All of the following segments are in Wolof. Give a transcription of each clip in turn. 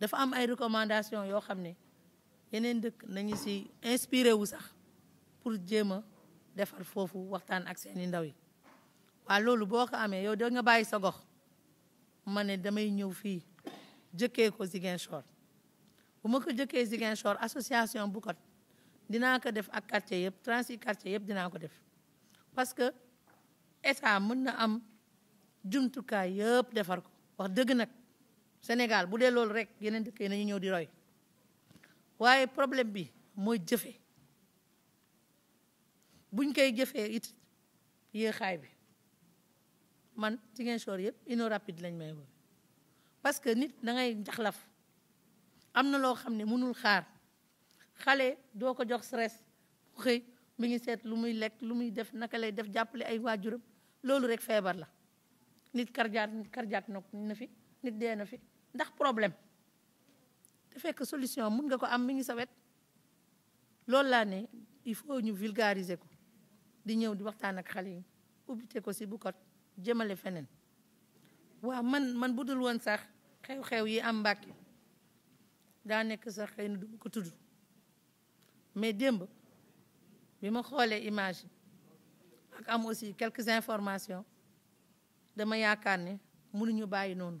dafa am ay recommandations yoo xam ne yeneen dëkk wu sax pour jéem a defar foofu ak seeni ndaw yi loolu boo ko yow ne damay ñëw fii jëkkee ko Ziguinchor bu ma ko jëkkee Ziguinchor association bu ko ko def ak quartier transit quartier yëpp dinaa ko def parce que état mën na am jumtukaay yëpp defar ko Sénégal bu dee loolu rek yeneen dëkk yi nañu ñëw di roy waaye problème bi mooy jëfe buñ koy jëfee it yéexaay bi man ci ngeen soor yëpp ino rapide lañ may woowe parce que nit dangay ngay jaxlaf am na loo xam ne mënul xaar xale doo ko jox stress bu xëy mu ngi seet lu muy lekk lu muy def naka lay def jàppale ay waajuram loolu rek feebar la nit karjaat nit karjaat nokk na fi nit dee fi ndax problème te fekk solution mën nga ko am mi ngi sawet wet loolu laa ne il faut ñu vulgariser ko di ñëw di waxtaan ak xale yi ubbite ko si bu ko jëmale feneen waaw man man budul dul woon sax xew-xew yi am Mbàkke daa nekk sax xëy na du ko tudd mais démb bi ma xoolee image ak am aussi quelques informations dama yaakaar ne mënuñu bàyyi noonu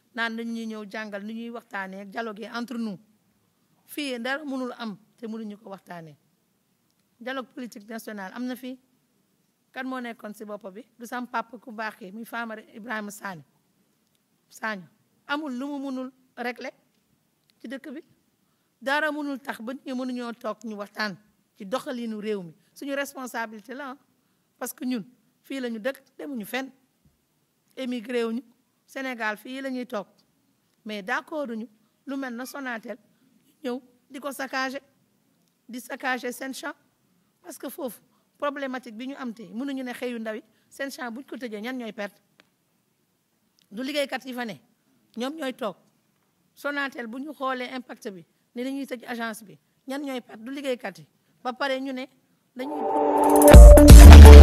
naan dañ ñuy ñëw jàngal ni ñuy waxtaanee ak dialogue entre nu fii dara mënul am te mënuñu ko waxtaanee dialogue politique nationale am na fi kan moo nekkoon si boppa bi du sam papa ku baax ki muy faamare Ibrahima Sagne Sagne amul lu mu mënul régler ci dëkk bi dara mënul tax ba ñu mënuñoo toog ñu waxtaan ci doxalinu réew mi suñu responsabilité la ah. parce que ñun fii la ñu dëkk demuñu fen émigré wuñu Sénégal fi lañuy tok mais d'accord ñu lu mel na Sonatel ñëw diko ko di saccagé sen champ parce que fofu problématique biñu ñu am tey mënuñu né xeyu ndaw yi seen champ buñ ko tëjee ñan ñoy perte du kat yi fa né ñom ñoy tok Sonatel buñu xolé impact bi ni lañuy tëj agence bi ñan ñoy perte du kat yi ba paré ñu né dañuy